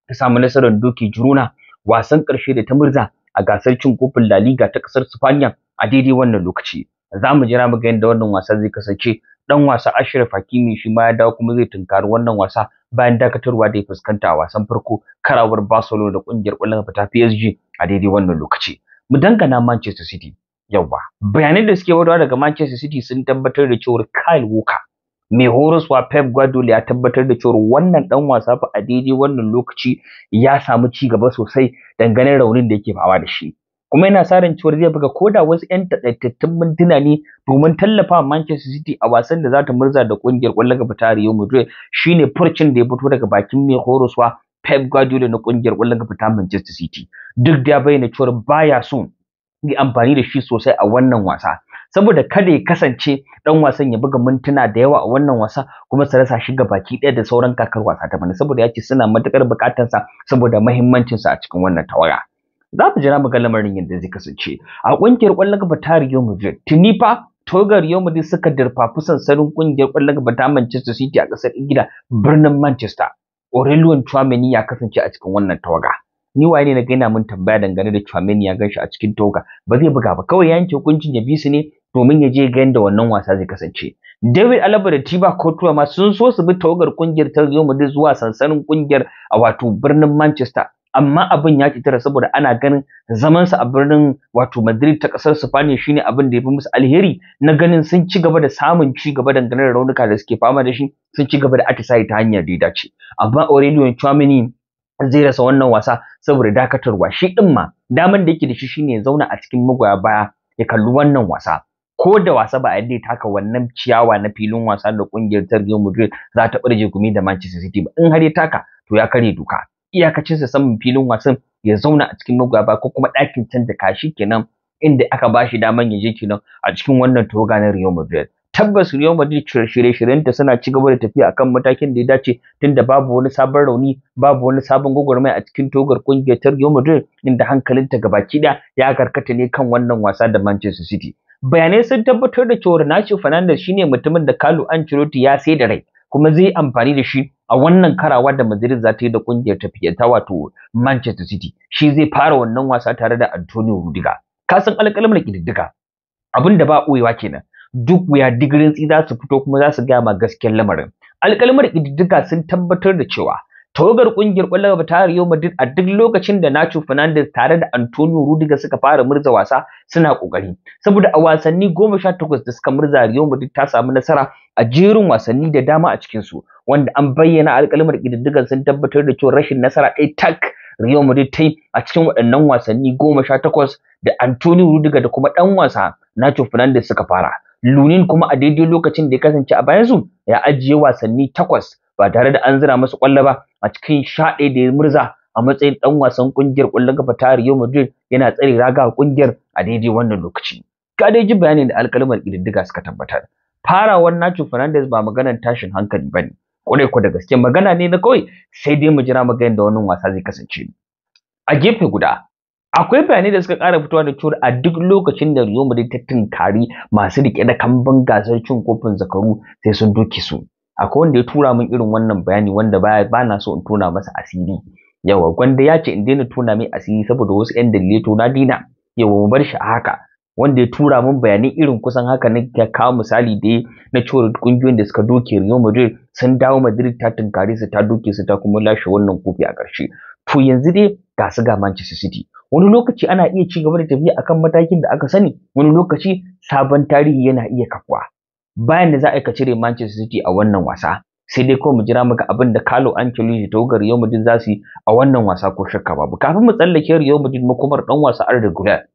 A: ta samu nasarar doke Girona wasan ƙarshe da ta murza a gasar cin kofin La Liga ta ƙasar Spain a daidai wannan lokaci za mu jira mu ga yadda wannan wasa zai kasance dan wasa Ashraf Hakimi shi ma ya dawo kuma zai tunkari wannan wasa bayan dakatarwa da ya fuskanta a wasan farko karawar Barcelona da ƙungiyar ƙwallon kafa ta PSG a daidai wannan lokaci mu dangana Manchester City yawa bayanai da suke wadawa daga Manchester City sun tabbatar da cewa Kyle Walker mai horaswa Pep Guardiola ya tabbatar da cewa wannan dan wasa fa a daidai wannan lokaci ya samu ci gaba sosai dangane raunin da yake fama da shi kuma yana sa ran cewa zai buga koda wasu yan takaitattun mintuna ne domin tallafa Manchester City a wasan da za ta murza da kungiyar kwallon gaba ta Real Madrid shine furcin da ya fito daga bakin mai horaswa Pep Guardiola na kungiyar kwallon gaba ta Manchester City duk da ya bayyana cewa baya son yi amfani da shi sosai a wannan wasa saboda kada ya kasance dan wasan ya buga mintuna da yawa a wannan wasa kuma su rasa shi baki ɗaya da sauran kakar wasa ta bana saboda ya ce suna matukar bukatar sa saboda muhimmancin sa a cikin wannan tawaga. za mu jira mu ga lamarin yadda zai kasance a kungiyar kwallon gaba ta Real Madrid tuni fa togar Real Madrid suka dirfafi sansanin kungiyar kwallon gaba ta Manchester City a kasar Ingila birnin Manchester Aurelien Tchouameni ya kasance a cikin wannan tawaga ni waye ne na gaina mun tambaya dangane da Tchouameni ya ganshi a cikin toga ba zai buga ba kawai yanke hukuncin ya bi su ne domin ya je ga yadda wannan wasa zai kasance. David Alaba da Tiba Kotuwa ma sun so su bi tawagar kungiyar ta Real Madrid zuwa sansanin kungiyar a wato birnin Manchester amma abin ya tara saboda ana ganin zaman sa a birnin wato Madrid ta kasar Spain shine abin da ya fi musu alheri na ganin sun ci gaba da samun ci gaba dangane da raunuka da suke fama da shi sun ci gaba da atisaye ta hanyar da ya dace amma Aurelio Chouameni zai rasa wannan wasa saboda dakatarwa shi din ma daman da yake da shi shine ya zauna a cikin magoya baya ya kalli wannan wasa ko da wasa ba a yadda taka wannan ciyawa na filin wasa da kungiyar ta Real Madrid za ta barje gumi da Manchester City ba in har ya taka to ya kare doka iyakacinsa samun filin wasan ya zauna a cikin magwaba ko kuma ɗakin can kashi kenan inda aka ba shi daman ya je kenan a cikin wannan toga na Real Madrid tabbas Real Madrid shirye ta suna ci gaba da tafiya akan matakin da ya dace tunda babu wani sabon rauni babu wani sabon gwagwarmaya a cikin togar kungiyar Real Madrid inda hankalinta gabaki ɗaya ya karkata ne kan wannan wasa da Manchester City bayanai sun tabbatar da cewa Nacho Fernandez shine mutumin da Carlo Ancelotti ya sai da rai kuma zai amfani da shi a wannan karawa da Madrid za ta yi da kungiyar fiye ta wato Manchester City shi zai fara wannan wasa tare da Antonio Rudiger ka san da kididdiga abin da ba koyewa kenan duk wuya digirin tsi za su fito kuma za su gaya ma gaskiyar lamarin da kididdiga sun tabbatar da cewa tawagar kungiyar kwallon ta Real Madrid a duk lokacin da Nacho Fernandez tare da Antonio Rudiger suka fara murza wasa suna kokari saboda a wasanni 18 da suka murza Real Madrid ta samu nasara a jerin wasanni da dama a cikin su wanda an bayyana alƙalmar ƙididdigan sun tabbatar da cewa rashin nasara ɗaya tak Real Madrid ta yi a cikin waɗannan wasanni 18 da Antonio Rudiger da kuma ɗan wasa Nacho Fernandez suka fara Lunin kuma a daidai lokacin da ya kasance a bayan bayansu ya ajiye wasanni takwas ba tare da an zira masa kwallo ba a cikin sha ɗaya da ya murza a matsayin ɗan wasan ƙungiyar ƙwallon kafa ta Real Madrid yana tsare raga ƙungiyar a daidai wannan lokaci. Ga dai bayanin da alƙalmar ƙididdiga suka tabbatar. Farawar Nacho Fernandez ba maganar tashin hankali ba ne. Ƙwarai ko da gaske magana ne na kawai sai dai mu jira maganar da wannan wasa zai kasance. A gefe guda, akwai bayanai da suka ƙara fitowa da cewa a duk lokacin da Real Madrid ta tunkari masu riƙe da kamban gasar cin kofin zakaru sai sun doke su. akwai wanda ya tura min irin wannan bayani wanda ba na so in tona masa asiri yawa gwanda ya ce in daina tona mai asiri saboda wasu yan dalilai to na dina yawa mu bar shi a haka wanda ya tura min bayanai irin kusan haka na kawo misali da na cewa kungiyoyin da suka doke Real Madrid sun dawo Madrid ta tunkare su ta doke su ta kuma lashe wannan kofi a ƙarshe to yanzu dai ga su ga Manchester City wani lokaci ana iya ci gaba da tafiya akan matakin da aka sani wani lokaci sabon tarihi yana iya kafuwa bayan da za a ka cire Manchester City a wannan wasa sai dai kawai mu jira muka abin da Carlo Ancelotti ta ga Real Madrid za su yi a wannan wasa ko shakka babu kafin mu tsallake Real Madrid makomar dan wasa Arda Güler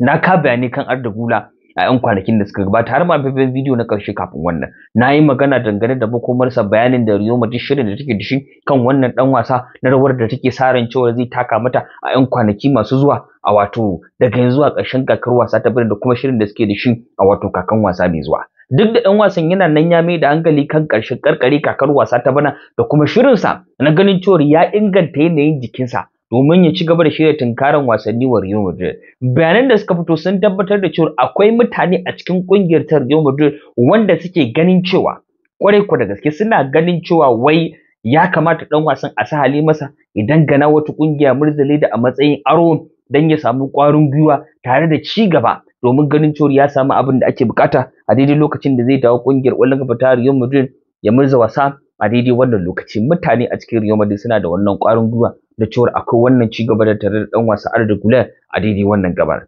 A: na ka bayani kan Arda gula a 'yan kwanakin da suka gabata har ma faifan bidiyo na ƙarshe kafin wannan na yi magana dangane da makomarsa bayanin da Rio Madrid shirin da take da shi kan wannan dan wasa na rawar da take sa cewa zai taka mata a 'yan kwanaki masu zuwa a wato daga yanzu a ƙarshen kakar wasa ta bari da kuma shirin da suke da shi a wato kakan wasa mai zuwa duk da ɗan wasan yana nan ya mai da hankali kan ƙarshen ƙarƙari kakar wasa ta bana da kuma shirinsa na ganin cewar ya inganta yanayin jikinsa domin ya ci gaba da shirya tunkaran wasanni wa Real Madrid. Bayanan da suka fito sun tabbatar da cewar akwai mutane a cikin ƙungiyar ta Real Madrid wanda suke ganin cewa kwarai kwa da gaske suna ganin cewa wai ya kamata ɗan wasan a sahali masa idan gana wata ƙungiya murzali da a matsayin aro dan ya samu kwarin gwiwa tare da ci gaba domin ganin cewa ya samu abin da ake bukata a daidai lokacin da zai dawo kungiyar ƙwallon kafa ta Real Madrid ya murza wasa a daidai wannan lokaci mutane a cikin Real Madrid suna da wannan ƙwarin gwiwa da cewa akwai wannan ci gaba da tare da dan wasa Arda Güler a daidai wannan gabar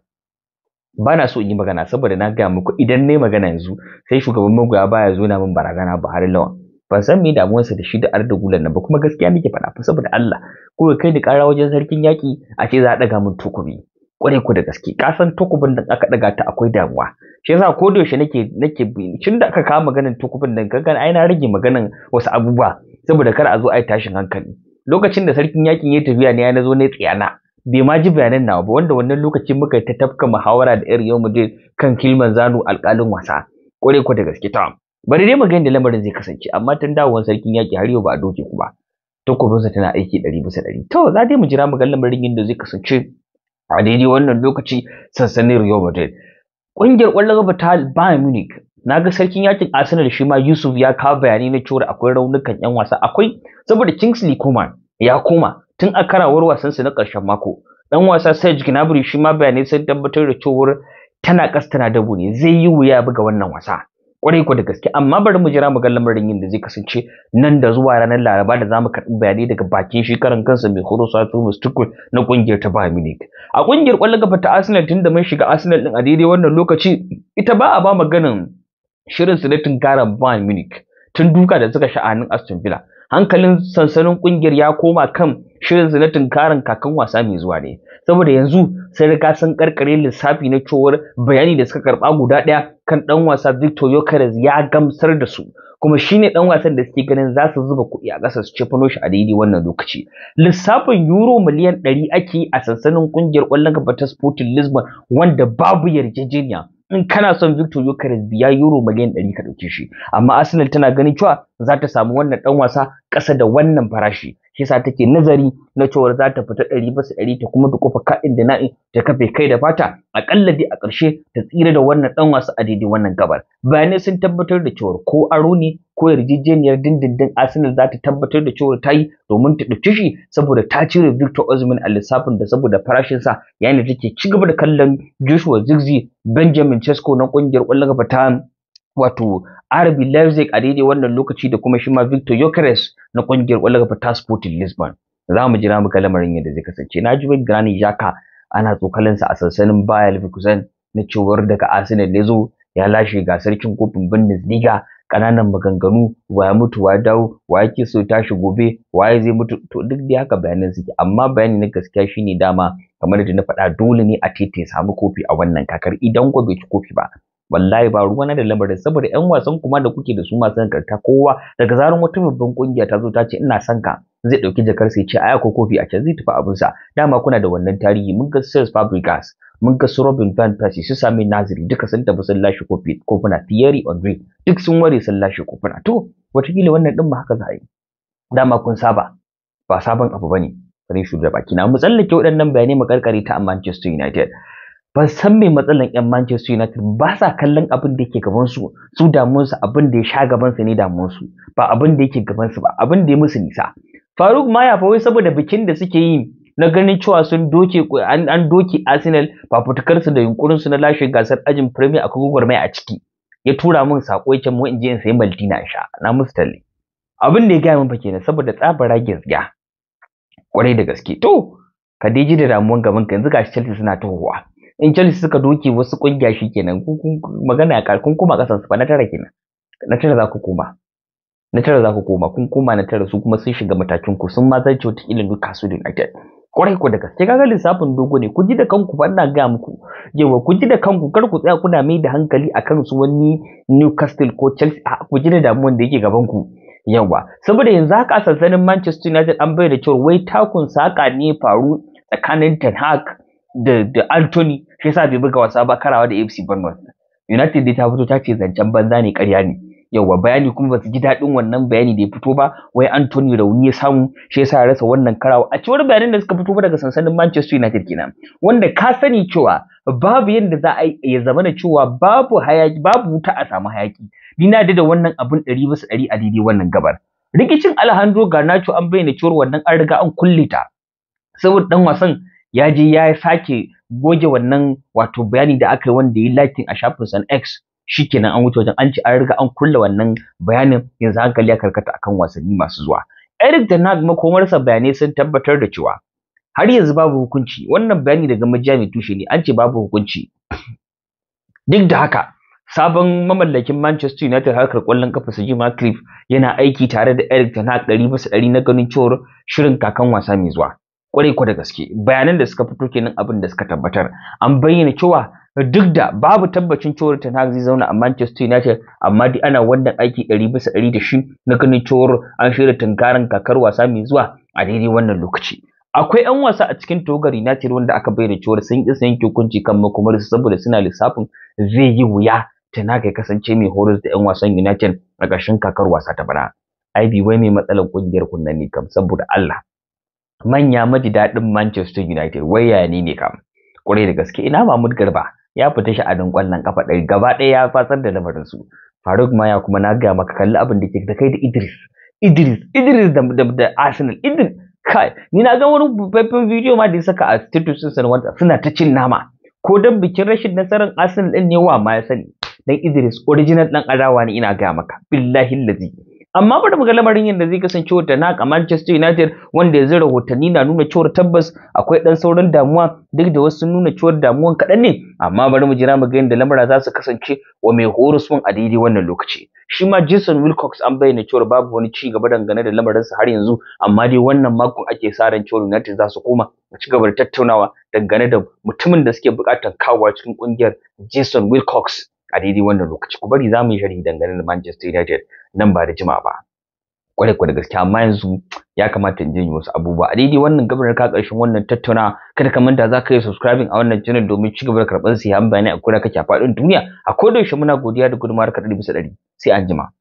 A: ba na so in yi magana saboda na gaya muku idan nayi magana yanzu sai shugaban magoya baya zo na min barazana har Lawan ban san me damuwarsa da shi da Arda Güler nan ba kuma gaskiya nake faɗa fa saboda Allah ko kai da ƙara wajen sarkin yaki a ce za a ɗaga min tukubi kware ku da gaske Ka san tukubin da aka daga ta akwai damuwa shi yasa ko da yaushe nake nake tun da aka kawo maganar tukubin nan gaggan ai na rage maganar wasu abubuwa saboda kar a zo ai tashin hankali lokacin da sarkin yakin ya tafiya ne ya nazo ne tsiyana bai ma ji bayanan nawa ba wanda wannan lokacin muka ta tafka muhawara da irin yau kan kilman zanu alƙalin wasa kware ku da gaske ta bari dai magana da lamarin zai kasance amma tun dawowar sarkin yaki har yau ba a doke ku ba sa tana aiki ɗari bisa ɗari to za dai mu jira mu ga lamarin yadda zai kasance a daidai wannan lokaci sansanin Real Madrid. Ƙungiyar ƙwallon gaba ta Bayern Munich na ga sarkin yakin Arsenal shi ma Yusuf ya kawo bayanai na cewa akwai raunukan 'yan wasa akwai saboda Kingsley Coman ya koma tun a karawar wasansa na ƙarshen mako. ɗan wasa Serge Gnabry shi ma bayanai sun tabbatar da cewa tana ƙasa tana dabo ne zai yi wuya buga wannan wasa. kwarai ku da gaske amma bari mu jira mu ga lamarin yin da zai kasance nan da zuwa ranar laraba da zamu karɓi bayanai daga bakin shi karan kansa mai horo satu mustukul na kungiyar ta Bayern Munich a kungiyar kwallon gaba ta Arsenal da mun shiga Arsenal din a daidai wannan lokaci ita ba a ba maganin shirin su da tunkaran Bayern Munich tun duka da suka sha'anin Aston Villa hankalin sansanin kungiyar ya koma kan shirin zina tunkarin kakan wasa mai zuwa ne saboda yanzu sai riga sun karkare lissafi na cewar bayani da suka karba guda ɗaya kan dan wasa Victor Yokeres ya gamsar da su kuma shi ne ɗan wasan da suke ganin za su zuba kuɗi a ƙasa su cefano shi a daidai wannan lokaci lissafin euro miliyan ɗari ake a sansanin ƙungiyar kwallon kafa ta Sporting Lisbon wanda babu yarjejeniya in kana son Victor Gyökeres biya euro miliyan 100 ka dauke shi amma Arsenal tana ganin cewa za ta samu wannan dan wasa ƙasa da wannan farashi shi yasa take nazari na cewar za ta fita ɗari bisa ɗari ta kuma dukufa ka'in da na'in ta kafe kai da fata aƙalla dai a ƙarshe ta tsira da wannan ɗan wasu a daidai wannan gabar bayanai sun tabbatar da cewar ko aro ne ko yarjejeniyar dindindin arsenal za ta tabbatar da cewar ta yi domin ta ɗauki shi saboda ta cire victor osimhen a lissafin da saboda farashinsa yayin da take ci gaba da kallon joshua zigzi benjamin Cesco na ƙungiyar ƙwallon gaba ta wato RB Leipzig a daidai wannan lokaci da kuma shi ma Victor yokeres na kungiyar ƙwallon kafa Lisbon za mu jira muka lamarin yadda zai kasance na ji Granit Xhaka ana sa a sansanin Bayer Leverkusen na cewar daga Arsenal ya zo ya lashe gasar cin kofin Bundesliga ƙananan maganganu wa ya mutu waya dawo wa yake so tashi gobe Wa ya zai mutu to duk da haka bayanan suke amma bayani na gaskiya shine dama kamar da na faɗa dole ne a tete samu kofi a wannan kakar idan gobe ci kofi ba wallahi ba ruwa na da lamarin saboda yan wasan kuma da kuke da su masu karta kowa daga zaran wata babban kungiya ta zo ta ce ina son ka zai dauki jakar sai ce aya ko kofi a can zai tafi sa dama kuna da wannan tarihi mun ga Cesc fabricas mun ga su Robin van Persie su sami nazri duka sun tafi sun lashe kofuna Thierry Henry duk sun ware sun lashe kofuna to watakila wannan din ma haka za a yi dama kun saba ba sabon abu bane bare shugaba kina mu tsallake waɗannan bayanai mu karkare ta Manchester United ba san mai matsalan yan Manchester United ba sa kallon abin da yake gaban su su damuwar su abin da ya sha gaban su ne damuwar su ba abin da yake gaban su ba abin da ya musu nisa Faruk ma ya wai saboda bikin da suke yi na ganin cewa sun doke an doke Arsenal fitukar su da yunkurin su na lashe gasar ajin Premier akwai gwagwarmaya a ciki ya tura min sako yake mu in je in sayi Maldina sha na musu talle abin da ya gaya min fa kenan saboda tsabara gizgiya kwarai da gaske to ka dai ji da damuwan gaban ka yanzu gashi Chelsea suna tohuwa in Chelsea suka doke wasu kungiya kenan magana ya kun kuma kasan su fa na tara kenan na tara za ku koma na tara za koma kun koma na tara su kuma sun shiga matakin ku sun ma ci wata ilin da United kwarai ku da gaske kaga lissafin dogo ne ku ji da kanku ba ina ga muku yawa ku ji da kanku kar ku tsaya kuna mai da hankali akan su wani Newcastle ko Chelsea a ku ji da damuwan da yake gaban ku yawa saboda yanzu haka sansanin Manchester United an bayyana cewa wai takun saka ne faru tsakanin Ten Hag da da Anthony shi yasa bai buga wasa ba karawa da AFC Bournemouth United dai ta fito ta ce zancen banza ne ƙarya ne yauwa bayani kuma ba su ji daɗin wannan bayani da ya fito ba wai Anthony Rauni ya samu shi yasa ya rasa wannan karawa a cewar bayanan da suka fito ba daga sansanin Manchester United kenan wanda ka sani cewa babu yadda za a ya zama da cewa babu hayaki babu wuta a samu hayaki ni na da wannan abun ɗari bisa ɗari a daidai wannan gabar rikicin Alejandro Garnacho an bayyana cewar wannan an riga an kulle ta saboda dan wasan ya je ya sake goge wannan wato bayani da aka yi wanda ya yi lakin a shafin san X shikenan an wuce wajen an ci an riga an kulle wannan bayanin yanzu hankali ya karkata akan wasanni masu zuwa Eric da Hag makomarsa bayanai sun tabbatar da cewa har yanzu babu hukunci wannan bayani daga majiya mai tushe ne an ce babu hukunci duk da haka sabon mamallakin Manchester United harkar kwallon kafa su Jim yana aiki tare da Eric Ten ɗari bisa ɗari na ganin cewar shirin kakan wasa mai zuwa kwarai kwa da gaske bayanan da suka fito kenan abin da suka tabbatar an bayyana cewa duk da babu tabbacin cewar ta zai zauna a Manchester United amma dai ana wannan aiki ɗari bisa 100 da shi na ganin cewar an shirya tunkarin kakar wasa mai zuwa a daidai wannan lokaci akwai 'yan wasa a cikin togar United wanda aka bayyana cewar sun yi sayan hukunci kan makomar su saboda suna lissafin zai yi wuya ta na ya kasance mai horar da 'yan wasan United a ƙarshen kakar wasa ta bana. bi wai mai matsalar kungiyar kunna ne kam saboda Allah manya maji daɗin Manchester United waya ne ne kam ƙwarai da gaske ina Mahmud Garba ya fita sha'anin ƙwallon ƙafa ɗaya, gaba ɗaya ya fasar da lamarin su Faruk Maya kuma na ga maka kalli abin da ke da kai da Idris Idris Idris da, da, Arsenal Idris kai ni na ga wani faifin bidiyo ma da ya saka a status sun suna ta cin nama ko don bikin rashin nasarar Arsenal ɗin ne wa ma ya sani dan Idris original ɗan adawa ne ina gaya maka billahi lazi amma bari mu ga lamarin yadda zai kasance wata na a Manchester United wanda ya yanzu rahotanni na nuna cewar tabbas akwai dan sauran damuwa duk da wasu nuna cewar damuwan kaɗan ne amma bari mu jira mu ga yadda lamura za su kasance wa mai horus a daidai wannan lokaci shi ma Jason Wilcox an bayyana cewar babu wani ci gaba dangane da lamarinsa har yanzu amma dai wannan makon ake sa ran cewar United za su koma a ci gaba da tattaunawa dangane da mutumin da suke buƙatar kawowa cikin ƙungiyar Jason Wilcox a daidai wannan lokaci ku bari zamu yi sharhi dangane da Manchester United nan ba da jima'a ba kwarai kwarai gaskiya, amma yanzu ya kamata in je yi wasu abubuwa a daidai wannan gabar ka karshen wannan tattauna kada ka manta za ka yi subscribing a wannan channel domin ci gaba da karɓar siyan bayanai a koda kake a faɗin duniya a koda yaushe muna godiya da gudunmawar ka ɗari bisa ɗari sai an jima